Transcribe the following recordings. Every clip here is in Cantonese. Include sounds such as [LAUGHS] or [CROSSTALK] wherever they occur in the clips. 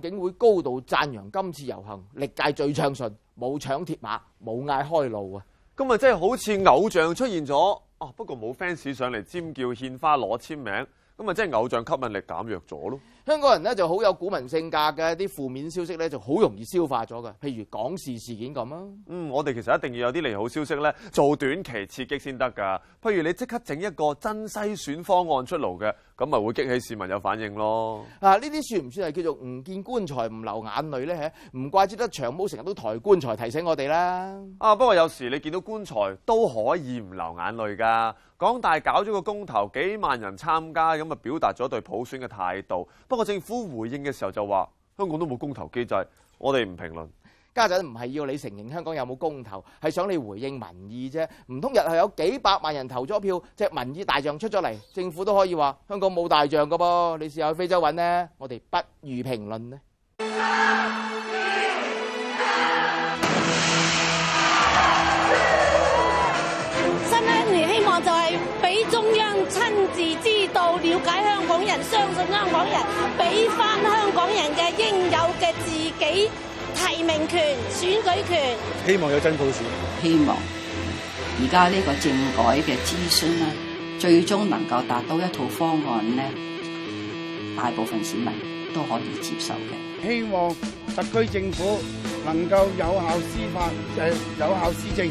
警會高度讚揚今次遊行歷屆最暢順，冇搶鐵馬，冇嗌開路啊！今日，真係好似偶像出現咗啊！不過冇 fans 上嚟尖叫獻花攞簽名。咁啊，即係偶像吸引力減弱咗咯。香港人咧就好有股民性格嘅，啲負面消息咧就好容易消化咗嘅。譬如港事事件咁啊，嗯，我哋其實一定要有啲利好消息咧，做短期刺激先得㗎。譬如你即刻整一個真篩選方案出爐嘅，咁咪會激起市民有反應咯。啊，呢啲算唔算係叫做唔見棺材唔流眼淚咧？嚇，唔怪之得長毛成日都抬棺材提醒我哋啦。啊，不過有時你見到棺材都可以唔流眼淚㗎。港大搞咗個公投，幾萬人參加咁啊，表達咗對普選嘅態度。不過政府回應嘅時候就話香港都冇公投機制，我哋唔評論。家陣唔係要你承認香港有冇公投，係想你回應民意啫。唔通日後有幾百萬人投咗票，隻民意大象出咗嚟，政府都可以話香港冇大象㗎噃？你試下去非洲揾呢，我哋不予評論呢。 [NOISE] 俾 [MUSIC] 中央親自知道、了解香港人，相信香港人，俾翻香港人嘅應有嘅自己提名權、選舉權。希望有真普選，希望而家呢個政改嘅諮詢咧，最終能夠達到一套方案呢，大部分市民都可以接受嘅。希望特區政府能夠有效施法，誒有效施政。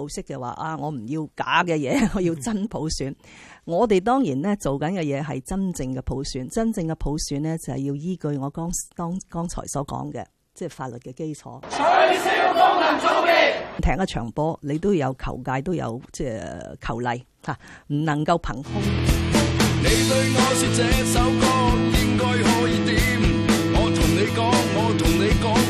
模式就話啊，我唔要假嘅嘢，我要真普選。嗯、我哋當然呢做緊嘅嘢係真正嘅普選，真正嘅普選呢，就係、是、要依據我剛剛剛才所講嘅，即係法律嘅基礎。能踢一場波，你都有球界，都有即係球例，吓、啊、唔能夠憑空。你同我講呢首歌應該可以點，我同你講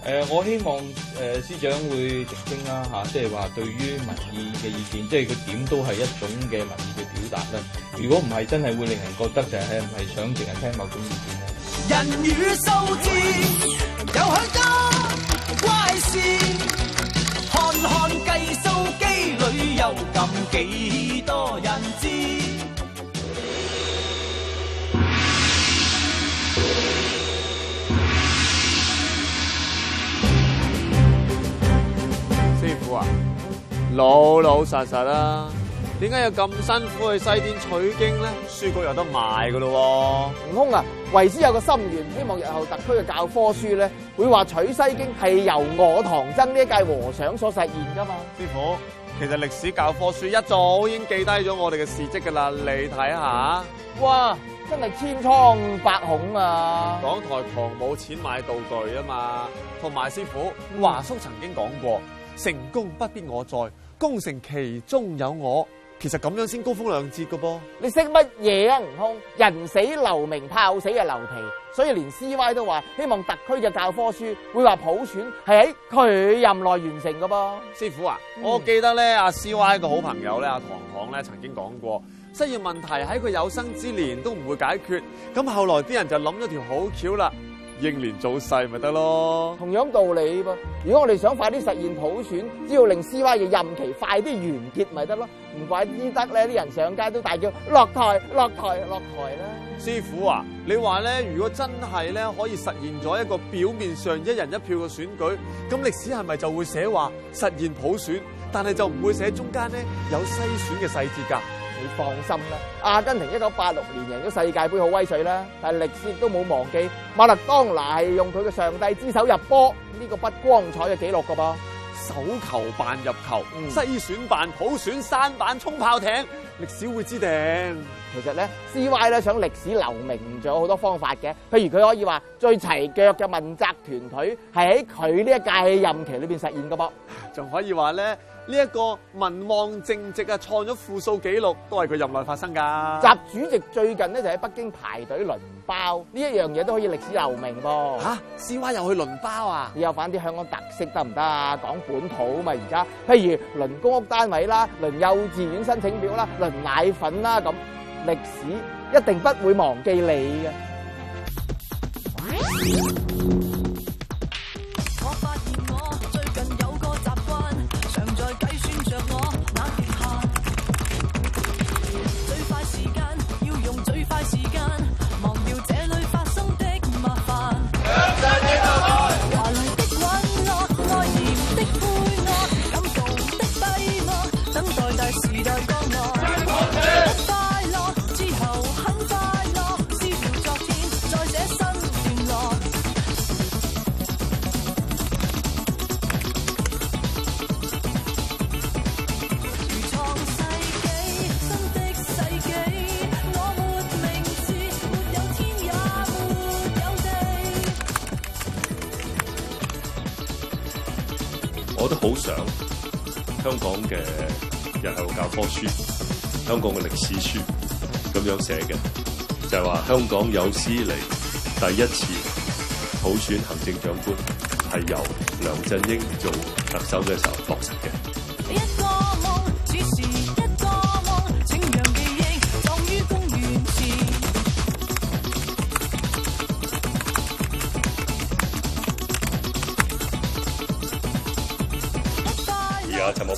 誒、呃、我希望誒、呃、司長會澄清啦吓，即係話對於民意嘅意見，即係佢點都係一種嘅民意嘅表達啦。如果唔係真係會令人覺得就係唔係想淨係聽某種意見咧。人與數字有許多怪事，看看計數機裏有咁幾。老老實實啦，點解有咁辛苦去西天取經咧？書局有得賣噶咯，悟空啊，為師有個心願，希望日後特區嘅教科書咧，會話取西經係由我唐僧呢一屆和尚所實現噶嘛？師傅，其實歷史教科書一早已經記低咗我哋嘅事迹噶啦，你睇下，哇，真係千瘡百孔啊！港台旁冇錢買道具啊嘛，同埋師傅華叔曾經講過。成功不必我在，功成其中有我。其實咁樣先高風亮節噶噃。你識乜嘢啊，悟空？人死留名，豹死啊留皮。所以連 C Y 都話，希望特區嘅教科書會話普選係喺佢任內完成噶噃。師傅啊，嗯、我記得咧，阿 C Y 個好朋友咧，阿唐唐咧曾經講過，失業問題喺佢有生之年都唔會解決。咁後來啲人就諗咗條好橋啦。英年早逝咪得咯，同樣道理噃。如果我哋想快啲實現普選，只要令 CY 嘅任期快啲完結咪得咯，唔怪之得咧，啲人上街都大叫落台、落台、落台啦。師傅啊，你話咧，如果真係咧可以實現咗一個表面上一人一票嘅選舉，咁歷史係咪就會寫話實現普選，但係就唔會寫中間咧有篩選嘅細節㗎？你放心啦，阿根廷一九八六年贏咗世界杯好威水啦，但係歷史亦都冇忘記馬勒當拿係用佢嘅上帝之手入波，呢個不光彩嘅記錄噶噃，手球扮入球，篩選扮普選，舢舨充炮艇。歷史會知定，其實咧，C Y 咧想歷史留名，仲有好多方法嘅。譬如佢可以話最齊腳嘅問責團隊係喺佢呢一屆任期裏邊實現嘅噃，仲可以話咧呢一個民望正值啊，創咗負數記錄都係佢任內發生噶。習主席最近咧就喺北京排隊輪包，呢一樣嘢都可以歷史留名噃。C Y 又去輪包啊？有反啲香港特色得唔得啊？講本土啊嘛，而家譬如輪公屋單位啦，輪幼稚園申請表啦，輪奶粉啦咁，歷史一定不會忘記你嘅。我都好想香港嘅日後教科書，香港嘅歷史書咁樣寫嘅，就係、是、話香港有史嚟，第一次普選行政長官係由梁振英做特首嘅時候發生。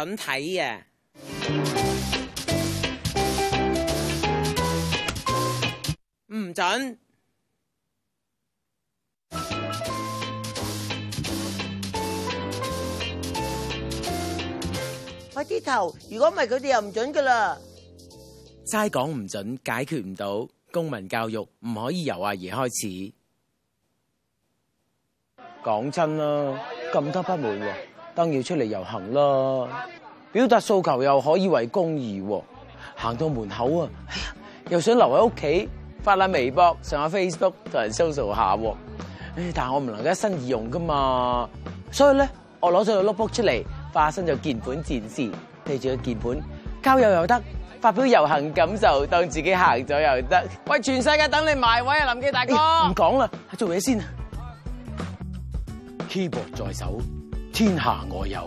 准睇嘅，唔准。我啲頭，如果唔係佢哋又唔准噶啦。齋講唔准，解決唔到公民教育，唔可以由阿爺開始。講真啦，咁多不滿。當然要出嚟遊行啦，表達訴求又可以為公義，行到門口啊，又想留喺屋企發下微博，上下 Facebook 同人 social 下，但係我唔能夠一身而用噶嘛，所以咧我攞咗個 notebook 出嚟，化身就鍵盤戰士，對住個鍵盤，交友又得，發表遊行感受，當自己行咗又得，喂，全世界等你埋位啊，林記大哥，唔講啦，做嘢先，keyboard 在手。天下我有，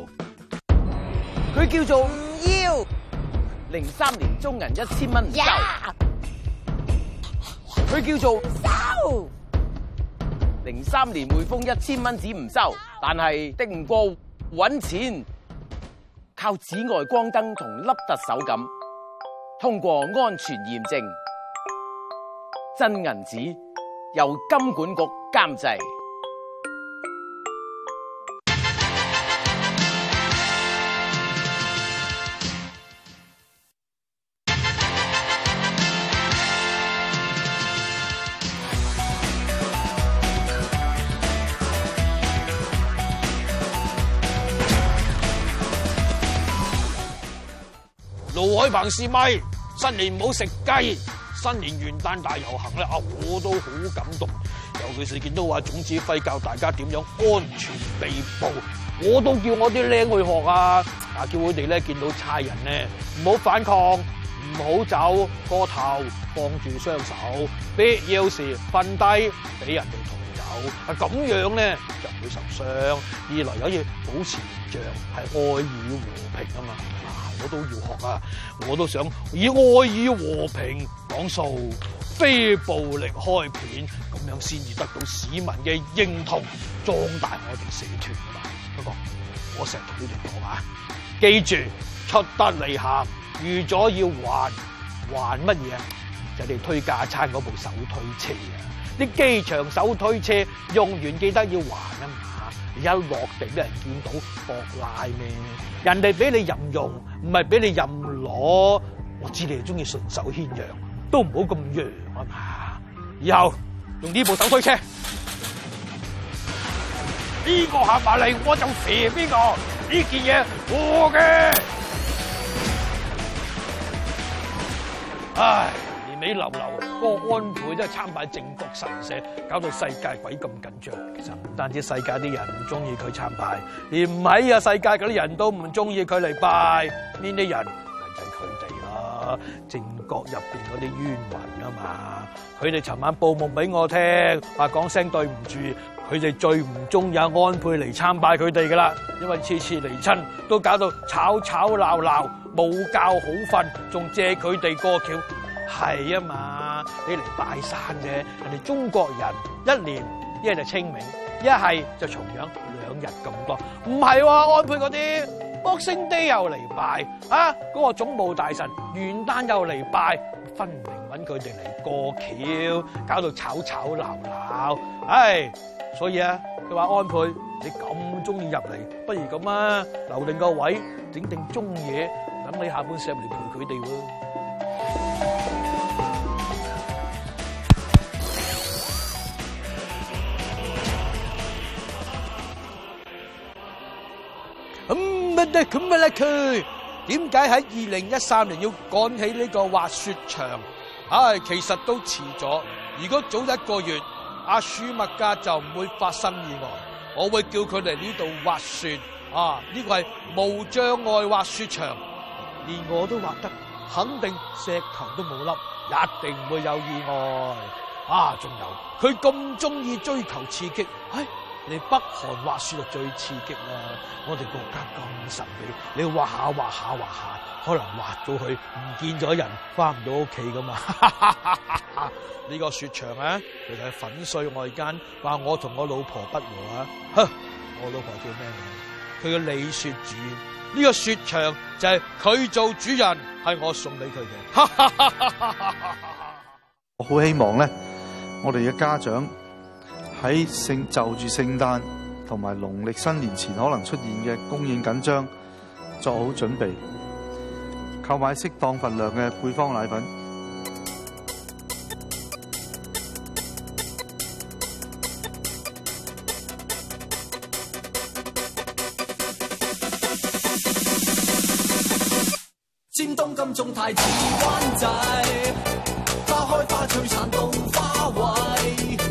佢叫做唔要。零三年中銀一千蚊唔收，佢叫做收。零三年匯豐一千蚊紙唔收，但係定唔過搵錢，靠紫外光燈同凹凸手感，通過安全驗證，真銀紙由金管局監製。彭氏咪，新年唔好食雞。新年元旦大遊行咧，啊，我都好感動。尤其是見到話總指揮教大家點樣安全被捕，我都叫我啲僆去學啊。啊，叫佢哋咧見到差人咧唔好反抗，唔好走過頭，放住雙手。必要時瞓低俾人哋抬走。啊，咁樣咧就唔會受傷。二來有嘢保持形象係愛與和平啊嘛。我都要學啊！我都想以愛與和平講數，非暴力開片，咁樣先至得到市民嘅認同，壯大我哋社團啊嘛！不過我成日同你哋講啊，記住出得嚟行預咗要還，還乜嘢？就係、是、你推架餐嗰部手推車啊！啲機場手推車用完記得要還啊！而家落地俾人見到搏賴命？人哋俾你任用，唔係俾你任攞。我知你係中意順手牽羊，都唔好咁樣啊嘛！以後用呢部手推車，呢個下馬麗我就射邊個，呢件嘢我嘅。唉。你流流個安倍都係參拜靖國神社，搞到世界鬼咁緊張。其實唔單止世界啲人唔中意佢參拜，連唔係啊，世界嗰啲人都唔中意佢嚟拜。呢啲人就係佢哋咯，靖國入邊嗰啲冤魂啊嘛。佢哋尋晚報夢俾我聽，話講聲對唔住，佢哋最唔中意安倍嚟參拜佢哋噶啦，因為次次嚟親都搞到吵吵鬧鬧，冇覺好瞓，仲借佢哋過橋。係啊嘛，你嚟拜山啫。人哋中國人一，一年一係就清明，一係就重陽，兩日咁多。唔係、啊，安倍嗰啲 boxing day 又嚟拜啊，嗰、那個總務大臣元旦又嚟拜，分明揾佢哋嚟過橋，搞到吵吵鬧鬧。唉、哎，所以啊，佢話安倍你咁中意入嚟，不如咁啊，留定個位，整定中嘢，等你下半世嚟陪佢哋喎。咁乜咁乜咧？佢點解喺二零一三年要趕起呢個滑雪場？唉、啊，其實都遲咗。如果早一個月，阿舒麥加就唔會發生意外。我會叫佢嚟呢度滑雪啊！呢、這個係無障礙滑雪場，連我都滑得，肯定石頭都冇粒，一定唔會有意外。啊，仲有佢咁中意追求刺激，唉、啊。你北韓滑雪就最刺激啦、啊！我哋國家咁神秘，你滑下滑下滑下，可能滑到去唔見咗人，翻唔到屋企噶嘛？呢 [LAUGHS] 個雪場啊，其實係粉碎外間，話我同我老婆不和啊！ [LAUGHS] 我老婆叫咩名、啊？佢叫李雪主。呢、這個雪場就係佢做主人，係我送俾佢嘅。我好希望咧，我哋嘅家長。喺聖就住聖誕同埋農曆新年前可能出現嘅供應緊張，做好準備，購買適當份量嘅配方奶粉。尖東、金鐘、太子、灣仔，花開花璀璨到花萎。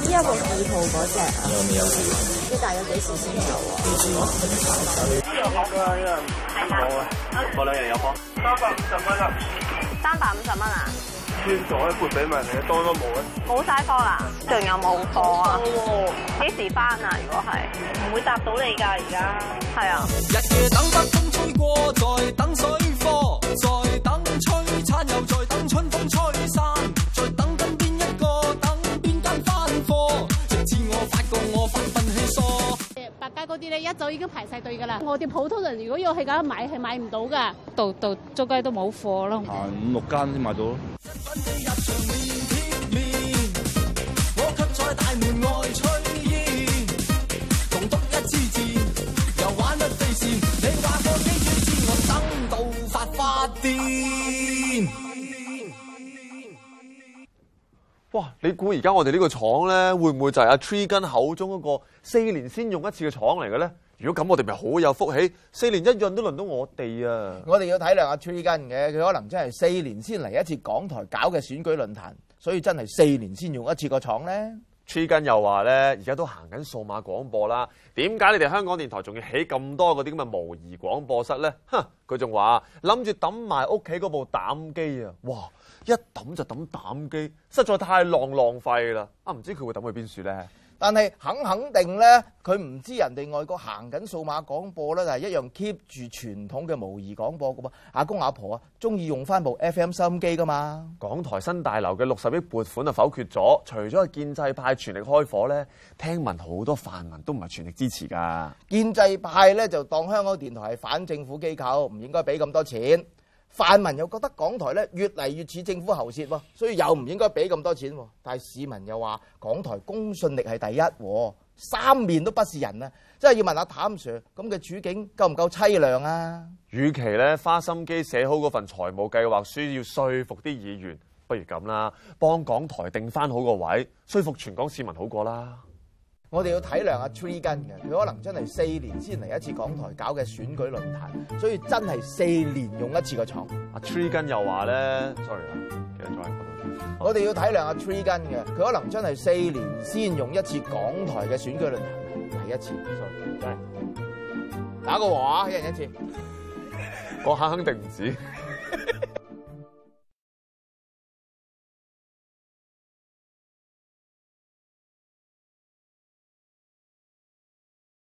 依有二號嗰隻，有未有料？咁但有幾時先有啊？幾時啊？呢、這個呢個睇下，嗰兩人有冇？三百五十蚊啊！三百五十蚊啊？全部都撥俾埋你，多都冇啊。冇晒貨啦，仲有冇貨啊？冇，幾時翻啊？如果係，唔會答到你噶，而家係啊。嗯、啊日夜等北風吹過，再等水貨，再。一早已經排曬隊㗎啦！我哋普通人如果要去咁樣買，係買唔到㗎。度度周街都冇貨咯。啊，五六間先買到咯。哇！你估而家我哋呢個廠咧，會唔會就係阿 Tree 根口中嗰個四年先用一次嘅廠嚟嘅咧？如果咁，我哋咪好有福氣，四年一潤都輪到我哋啊！我哋要體諒阿 Tree 根嘅，佢可能真係四年先嚟一次港台搞嘅選舉論壇，所以真係四年先用一次個廠咧。崔根又話咧，而家都行緊數碼廣播啦。點解你哋香港電台仲要起咁多嗰啲咁嘅模擬廣播室咧？哼，佢仲話諗住抌埋屋企嗰部膽機啊！哇，一抌就抌膽機，實在太浪浪費啦！啊，唔知佢會抌去邊處咧？但係肯肯定咧，佢唔知人哋外國行緊數碼廣播咧，就係一樣 keep 住傳統嘅模擬廣播嘅喎。阿公阿婆啊，中意用翻部 FM 收音機噶嘛。港台新大樓嘅六十億撥款就否決咗，除咗建制派全力開火咧，聽聞好多泛民都唔係全力支持㗎。建制派咧就當香港電台係反政府機構，唔應該俾咁多錢。泛民又覺得港台咧，越嚟越似政府喉舌，所以又唔應該俾咁多錢，但係市民又話港台公信力係第一三面都不是人啊！真係要問下譚 Sir 咁嘅處境夠唔夠淒涼啊？與其咧花心機寫好嗰份財務計劃書，要說服啲議員，不如咁啦，幫港台定翻好個位，說服全港市民好過啦。我哋要體諒阿 Tree 根嘅，佢可能真係四年先嚟一次港台搞嘅選舉論壇，所以真係四年用一次個牀。阿 Tree 根又話咧，sorry 啊，其實坐喺度。Sorry，我哋要體諒阿 Tree 根嘅，佢可能真係四年先用一次港台嘅選舉論壇，第一次。sorry，真係打個和啊，一人一次。 [LAUGHS] 我肯定唔止。 [LAUGHS]